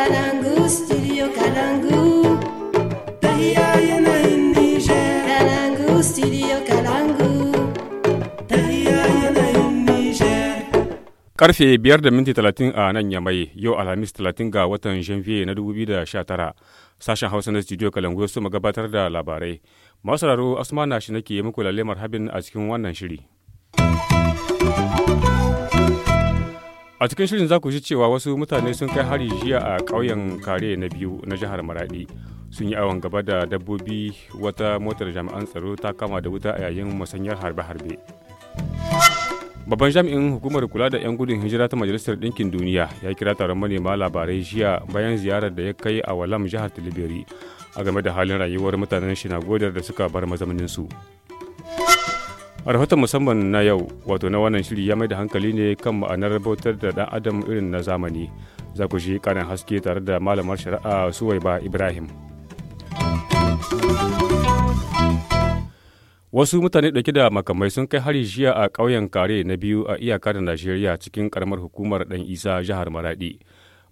Kalangu, studio Kalangu. Karfe biyar da minti talatin a nan Yamai, yau Alhamis talatin ga watan Janvier na dubu biyu da sha tara Sashen Hausa na Studio Kalangu su gabatar da labarai. Masu sauraro Asmana shi nake muku lalle marhabin a cikin wannan shiri. A cikin shirin za ku ji cewa wasu mutane sun kai hari jiya a ƙauyen Kare na biyu na jihar maraɗi Sun yi awon gaba da dabbobi wata motar jami'an tsaro ta kama da wuta a yayin musanyar harbe-harbe. Babban jami'in hukumar kula da 'yan gudun hijira ta Majalisar Ɗinkin Duniya ya kira taron manema labarai jiya bayan ziyarar da ya kai a Walam jihar Tilibiri a game da halin rayuwar mutanen Shinagodar da suka bar mazauninsu. su. a rahoton musamman na yau wato na wannan shiri ya mai da hankali ne kan ma'anar bautar da dan adam irin na zamani za ku shi karin haske tare da malamar shari'a suwaiba ibrahim wasu mutane dauke da makamai sun kai hari jiya a ƙauyen kare na biyu a iyaka da najeriya cikin karamar hukumar dan isa jihar maradi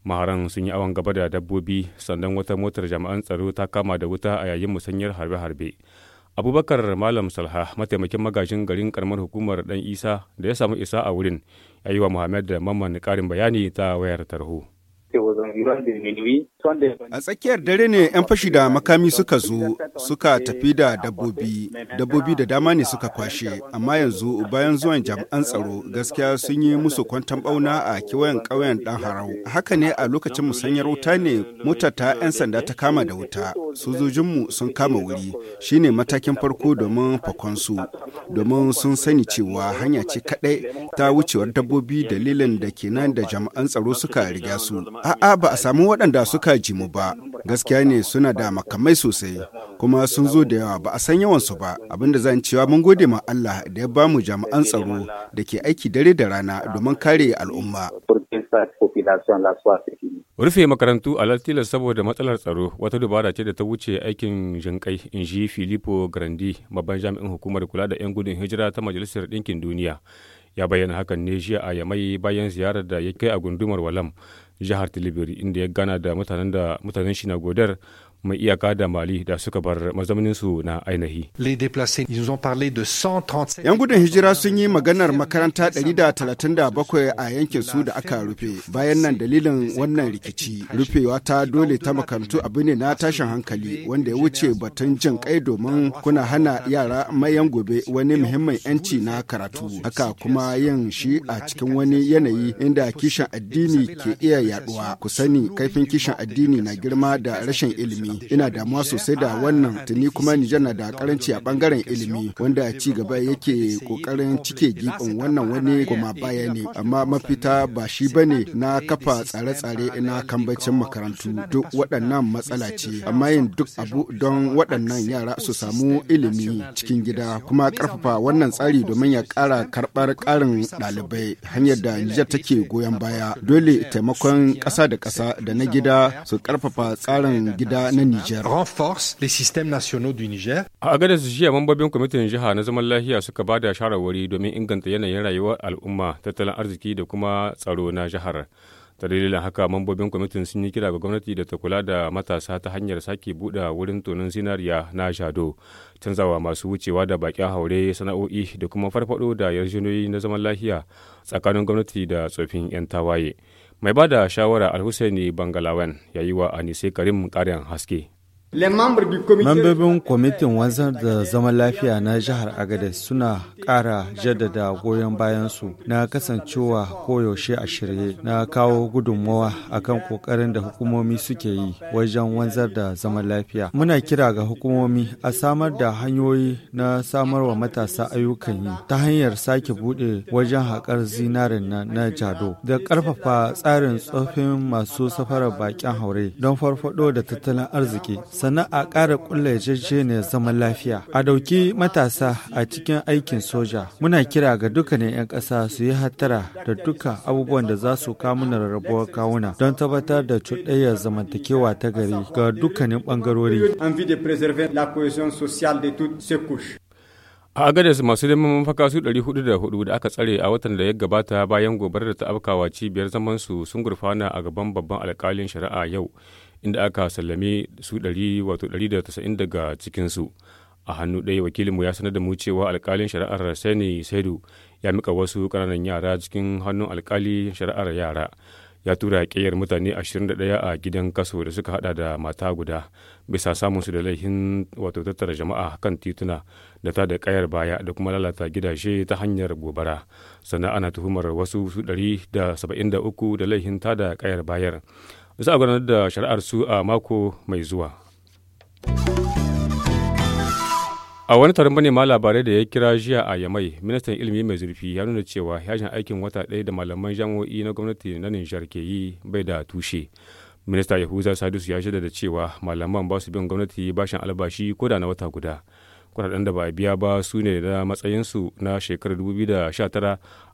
maharan sun yi awon gaba da dabbobi sannan wata motar jami'an tsaro ta kama da wuta a yayin musanyar harbe-harbe abubakar malam salha mataimakin magajin garin karamar hukumar dan isa da ya samu isa a wurin ya yi wa muhammad da mamman karin bayani ta wayar tarho A tsakiyar dare ne 'yan fashi da makami suka zo suka tafi da dabbobi, dabbobi da dama ne suka kwashe, amma yanzu bayan zuwan jami'an tsaro gaskiya sun yi musu kwantan bauna a kewayen ƙauyen ɗan harau. Haka ne a lokacin musanyar wuta ne mota 'yan sanda ta kama da wuta, sojojinmu sun kama wuri, shine matakin farko domin fakonsu, domin sun sani cewa hanya ce kaɗai ta wucewar dabbobi dalilin da kenan da jami'an tsaro suka riga su. A'a A'a ba a samu waɗanda suka mu ba, gaskiya ne suna da makamai sosai, kuma sun zo da yawa ba a san yawansu ba, abinda zan cewa mun gode ma Allah da ya bamu jami'an tsaro da ke aiki dare da rana domin kare al'umma. Rufe makarantu a Latila saboda matsalar tsaro wata dubara ce da ta wuce aikin jinkai in ji Filippo Grandi, babban jami'in hukumar kula da 'yan gudun hijira ta Majalisar Ɗinkin Duniya. Ya bayyana hakan ne jiya a Yamai bayan ziyarar da ya kai a gundumar Walam. jihar Tilibiri inda ya gana da mutanen da mutanen shi godar mai iyaka da Mali da suka bar mazauninsu na ainihi. Yan gudun hijira sun yi maganar makaranta 137 a yankin su da aka rufe. Bayan nan dalilin wannan rikici, rufewa ta dole ta makarantu abu ne na tashin hankali wanda ya wuce batun jin kai domin kuna hana yara mayan gobe wani muhimmin yanci na karatu. Haka kuma yin shi a cikin wani yanayi inda kishin addini ke iya yaduwa. Ku sani kaifin kishin addini na girma da rashin ilimi. ina damuwa sosai da wannan tuni kuma Nijar na da karanci a bangaren ilimi wanda ci gaba yake kokarin cike gibin wannan wani kuma baya ne amma mafita ba shi bane na kafa tsare-tsare na kambacin makarantu duk waɗannan matsala ce amma yin duk abu don waɗannan yara su samu ilimi cikin gida kuma karfafa wannan tsari domin ya ƙara karɓar ƙarin ɗalibai hanyar da Nijar take goyon baya dole taimakon ƙasa da ƙasa da na gida su karfafa tsarin gida na niger. A agadar su jiya mambobin kwamitin jiha na zaman lafiya suka ba da shawarwari domin inganta yanayin rayuwar al'umma, tattalin arziki da kuma tsaro na jihar. ta dalilin haka mambobin kwamitin sun yi kira ga gwamnati da ta kula da matasa ta hanyar sake buɗe wurin tonin zinariya na shado canzawa masu wucewa da bakin haure sana'o'i da kuma farfado da yarjinoyi na zaman lafiya tsakanin gwamnati da tsofin 'yan tawaye. mai ba da shawara alhussaini bangalawan ya yi wa anise karim karin haske Membobin kwamitin wanzar da zaman lafiya na jihar Agadez suna ƙara jaddada goyon bayansu na kasancewa koyaushe a shirye na kawo gudunmawa akan ƙoƙarin da hukumomi suke yi wajen wanzar da zaman lafiya. Muna kira ga hukumomi a samar da hanyoyi na samarwa matasa ayyukan yi ta hanyar sake buɗe wajen haƙar zinarin na, na jado da ƙarfafa tsarin tsofin masu safarar baƙin haure don farfaɗo da tattalin arziki sannan a ƙara ƙulla ne zaman lafiya a ɗauki matasa a cikin aikin soja muna kira ga dukkanin 'yan ƙasa su yi hattara da duka abubuwan da za su kamuna rarrabuwar kawuna don tabbatar da cuɗayyar zamantakewa ta gari ga dukkanin ɓangarori a agadas masu neman mafaka su 404 da aka tsare a watan da ya gabata bayan gobarar da ta afkawa cibiyar zaman su sun gurfana a gaban babban alkalin shari'a yau inda aka sallame su 190 daga cikinsu a hannu ɗaya wakilinmu ya sanar da mu cewa alkalin shari'ar sani saidu ya mika wasu ƙananan yara cikin hannun alkali shari'ar yara ya tura ƙiyar mutane 21 a gidan kaso da suka haɗa da mata guda bisa samun su da laifin wato tattara jama'a kan tituna da ta da ƙayar baya da kuma lalata gidaje ta hanyar gobara sannan ana tuhumar wasu 173 da laifin ta da ƙayar bayar za a gudanar da shari'ar su a mako mai zuwa a wani taron manema labarai da ya kira jiya a yamai ministan ilimi mai zurfi ya nuna cewa yajin aikin wata ɗaya da malaman jami'o'i na gwamnati na nijar ke yi bai da tushe minista yahuza sadusu ya shaida da cewa malaman ba su bin gwamnati bashin albashi ko da na wata guda kudaden da ba a biya ba su ne da matsayinsu na shekarar 2019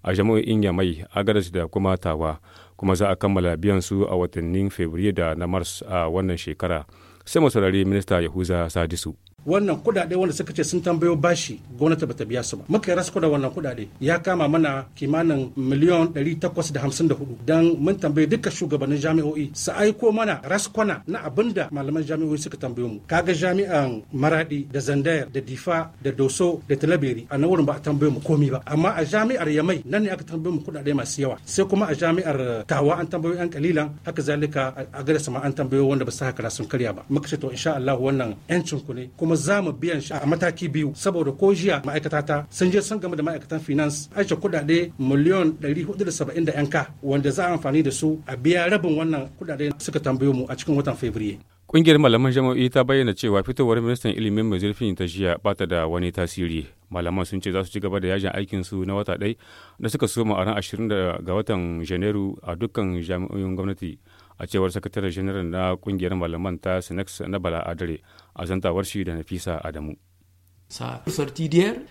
a jami'o'in yamai agadas da kuma tawa kuma za a kammala biyan su a watannin fabrairu da na mars a wannan shekara sai mu saurari minista yahuza sadisu wannan kudade wanda suka ce sun tambayo bashi gwamnati bata biya su ba muka yi rasko da wannan kudade ya kama mana kimanin miliyon 854 dan mun tambaye duka shugabannin jami'o'i su aiko mana raskwana na abinda malaman jami'o'i suka tambayo mu kaga jami'an maradi da zandayar da difa da doso da talabiri a nan wurin ba a tambaye mu komi ba amma a jami'ar yamai nan ne aka tambaye mu kudade masu yawa sai kuma a jami'ar tawa an tambayo yan kalilan haka zalika a gada ma an tambayo wanda ba su haka sun karya ba muka ce to insha Allah wannan yancin ku ne kuma kuma za mu biyan shi a mataki biyu saboda ko jiya ma'aikata ta sun je sun game da ma'aikatan finance aisha kudade miliyon 470 'yan ka wanda za a amfani da su a biya rabin wannan kudade suka tambayo mu a cikin watan fabrairu Ƙungiyar malaman jami'o'i ta bayyana cewa fitowar ministan ilimin mai zurfin ta jiya ba ta da wani tasiri. Malaman sun ce za su ci gaba da yajin aikin su na wata ɗai da suka soma a ran 20 ga watan Janairu a dukkan jami'o'in gwamnati. a cewar sakataren janar na kungiyar malaman ta sinex na bala adare a zantawar shi da nafisa adamu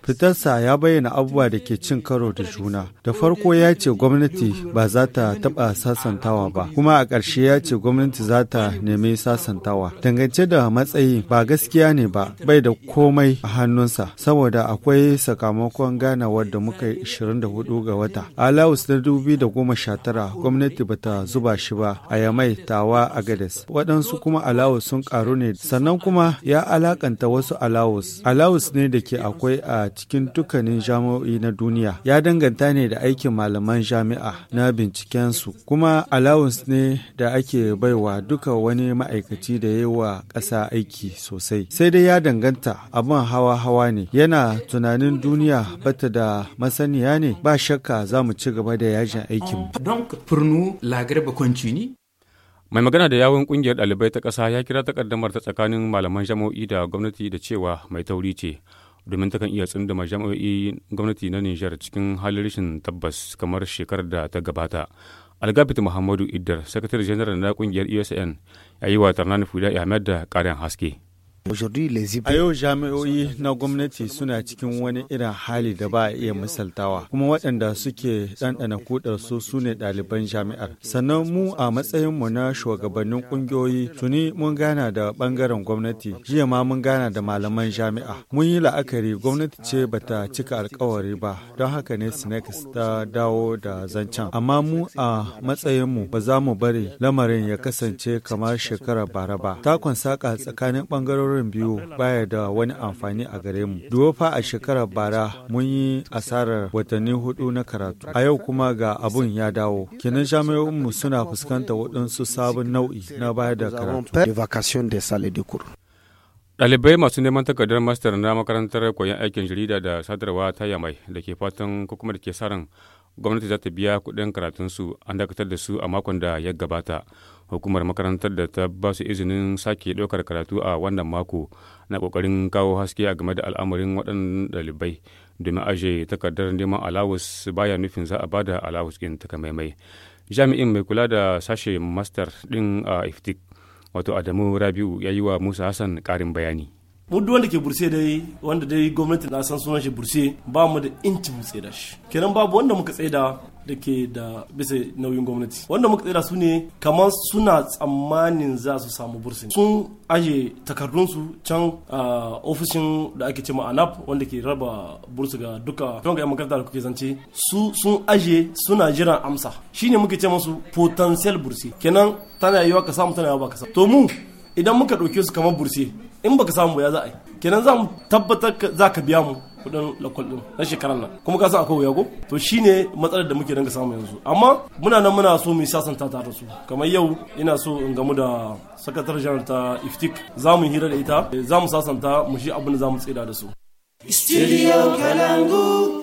Fitarsa ya bayyana abubuwa da ke cin karo da juna. Da farko ya ce gwamnati ba za ta taɓa sasantawa ba, kuma a ƙarshe ya ce gwamnati za ta nemi sasantawa. Dangance da matsayi ba gaskiya ne ba, bai da komai a hannunsa, saboda akwai sakamakon ganawar da muka yi 24 ga wata. A Laos na tara, gwamnati ba ta zuba shi ba a Yamai, Tawa, a Gadas. Waɗansu kuma a Laos sun ƙaru ne, sannan kuma ya alakanta wasu a Laos. Kwas ne da ke akwai a cikin dukkanin jami'o'i na duniya. Ya danganta ne da aikin malaman jami'a na bincikensu, kuma allowance ne da ake baiwa duka wani ma'aikaci da yi wa ƙasa aiki sosai. Sai dai ya danganta abin hawa-hawa ne. Yana tunanin duniya bata da masaniya ne ba shakka za mu ci gaba da yajin aikin. mai magana da yawun kungiyar ɗalibai ta ƙasa ya kira takaddamar ta tsakanin malaman jami'o'i da gwamnati da cewa mai tauri ce domin ta kan iya tsunduma jami'o'i gwamnati na nijar cikin halin rashin tabbas kamar shekarar da ta gabata algabit muhammadu iddar sakatare janar na kungiyar usn e ya yi wa tarnani fuda ahmed da ƙarin haske A yau jami'o'i na gwamnati suna cikin wani irin hali da ba a iya misaltawa, kuma waɗanda suke ɗanɗana kudar su su ne ɗaliban jami'ar. Sannan mu a matsayin mu na shugabannin ƙungiyoyi tuni mun gana da ɓangaren gwamnati, jiya ma mun gana da malaman jami'a. Mun yi la'akari gwamnati ce bata cika alkawari ba, don haka ne Sinex ta dawo da zancen. Amma mu a matsayinmu ba za mu bari lamarin ya kasance kamar shekarar bara ba. Takon saƙa tsakanin ɓangarorin bangarorin biyu baya da wani amfani a gare mu duwa fa a shekarar bara mun yi asarar watanni hudu na karatu a yau kuma ga abun ya dawo kenan mu suna fuskantar waɗansu sabon nau'i na baya da karatu Ɗalibai masu neman takardar master na makarantar koyon aikin jarida da sadarwa ta yamai da ke fatan ko kuma da ke sa ran gwamnati za ta biya kuɗin karatunsu an dakatar da su a makon da ya gabata. hukumar makarantar da ta ba su izinin sake ɗaukar karatu a wannan mako na ƙoƙarin kawo haske a game da al'amarin waɗannan ɗalibai domin aje takardar neman alawus baya nufin za a ba da alawus ɗin takamaimai jami'in mai kula da sashe master ɗin a iftik wato adamu rabiu ya yi wa musa hassan ƙarin bayani mudu wanda ke burse dai wanda dai gwamnati na san sunan shi burse ba mu da inci mu da shi kenan babu wanda muka tsaye da da ke da bisa nauyin gwamnati wanda muka da su ne kamar suna tsammanin za su samu bursin sun aje takardunsu can a ofishin da ake cewa anap wanda ke raba bursu ga duka don ga makaranta da kuke zance su sun aje suna jiran amsa shi shine muke ce musu potential bursi kenan tana yiwa ka samu tana yiwa ba ka samu to mu idan muka ɗauke su kamar bursi in baka samu ya za a yi kenan za mu tabbatar za ka biya mu kudin lakul din na shekarar nan kuma ka san akwai wuya ko to shine matsalar da muke danga samu yanzu amma muna nan muna so mu sasanta ta su kamar yau ina so in gamu da sakatar janar ta iftik za mu hira da ita za mu sasanta mu shi abin da za mu tsira da su studio kalangu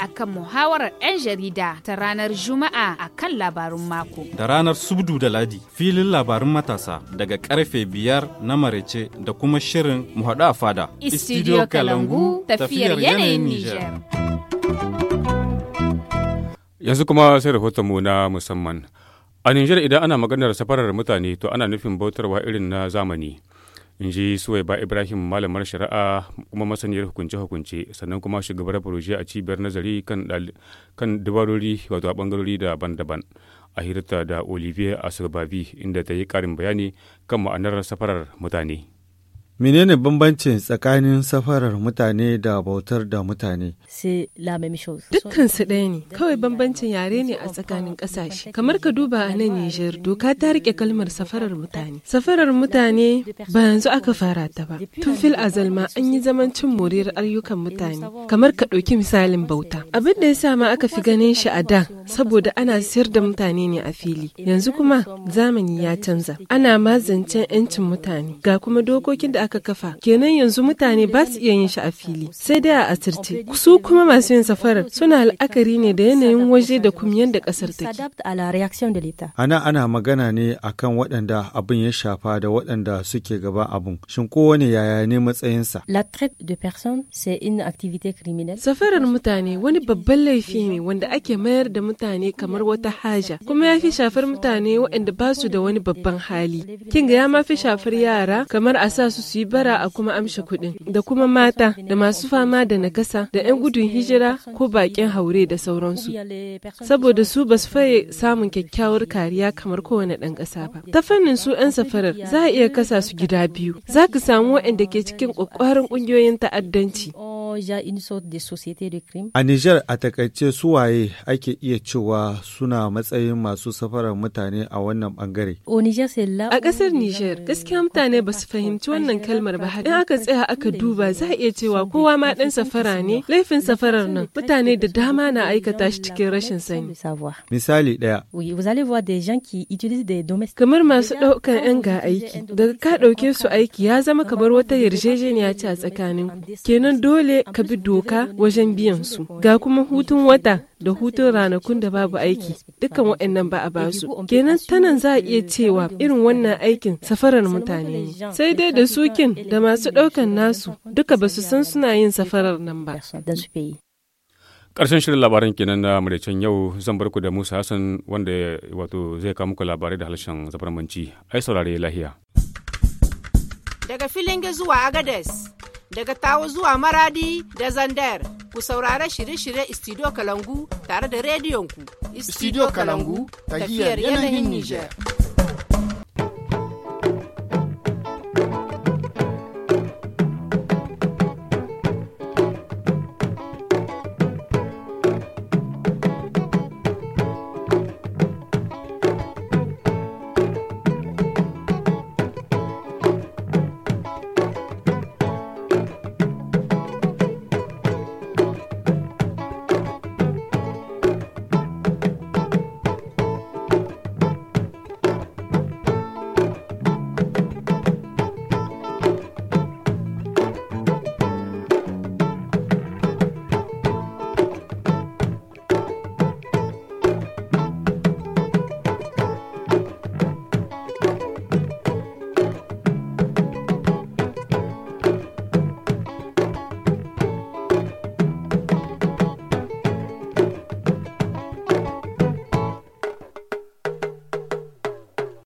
akan muhawarar 'yan jarida ta ranar Juma'a a kan labarun mako. Da ranar Subdu da Ladi filin labarun matasa daga karfe biyar na marece da kuma shirin muhaɗu a fada. Istidiyo Kalangu tafiyar yanayin Nijar. Yanzu kuma sai rahoton mu na musamman. A Nijar idan ana maganar safarar mutane to ana nufin bautarwa irin na zamani. in ji ba ibrahim malamar shari'a kuma masaniyar hukunce-hukunce sannan kuma shugabar furoji a cibiyar nazari kan dabarori wato a bangarori daban-daban a hirta da olivier asirbabi inda ta yi karin bayani kan ma'anar safarar mutane Menene bambanci tsakanin safarar mutane da bautar da mutane? Dukkansu ɗaya ne, kawai bambancin yare ne a tsakanin ƙasashe. Kamar ka duba a nan Nijar, doka ta rike kalmar safarar mutane. Safarar mutane ba yanzu aka fara ta ba. Tun fil azalma, an yi zaman cin moriyar ayyukan mutane. Kamar ka ɗauki misalin bauta. Abin da ya sa ma aka fi ganin shi a da, saboda ana sayar da mutane ne a fili. Yanzu kuma zamani ya canza. Ana ma zancen 'yancin mutane. Ga kuma dokokin da aka aka kafa kenan yanzu mutane ba su iya yin shi a fili sai dai a asirce su kuma masu yin safarar suna al'akari ne da yanayin waje da kuma da kasar take ana ana magana ne akan waɗanda abin ya shafa da waɗanda suke gaba abin shin kowane yaya ne matsayinsa safarar mutane wani babban laifi ne wanda ake mayar da mutane kamar wata haja kuma ya fi shafar mutane waɗanda ba su da wani babban hali kinga ya ma fi shafar yara kamar a sa su su yi bara a kuma amshe kuɗin da kuma mata da masu fama da nakasa da 'yan gudun hijira ko baƙin haure da sauransu saboda su basu su faye samun kyakkyawar kariya kamar kowane ɗan ƙasa ba ta fannin su 'yan safarar za a iya kasa su gida biyu za ka samu waɗanda ke cikin ƙwaƙwarin ƙungiyoyin ta'addanci a Nijar a takaice waye ake iya cewa suna matsayin masu safarar mutane a wannan bangare. A ƙasar Nijar gaskiya mutane ba su fahimci wannan kalmar ba in aka tsaya aka duba za a iya cewa kowa ma ɗan safara ne laifin safarar nan mutane da dama na aikata shi cikin rashin sani. Misali ɗaya. Kamar masu ɗaukar 'yan ga aiki daga ka ɗauke su aiki ya zama kamar wata yarjejeniya ce a tsakanin kenan dole ka bi doka wajen biyan su ga kuma hutun wata da hutun ranakun da babu aiki dukkan waɗannan ba a basu kenan tanan za a iya cewa irin wannan aikin safarar mutane ne sai dai da sukin da masu ɗaukan nasu duka ba su san suna yin safarar nan ba ƙarshen shirin labaran kenan na maraicen yau zan barku da musa hassan wanda wato zai kawo muku labarai da harshen zafarmanci ai saurare lahiya daga filin zuwa agades daga tawo zuwa maradi da zandar ku saurara shirye-shirye studio kalangu tare da rediyonku studio kalangu tafiyar yanayin niger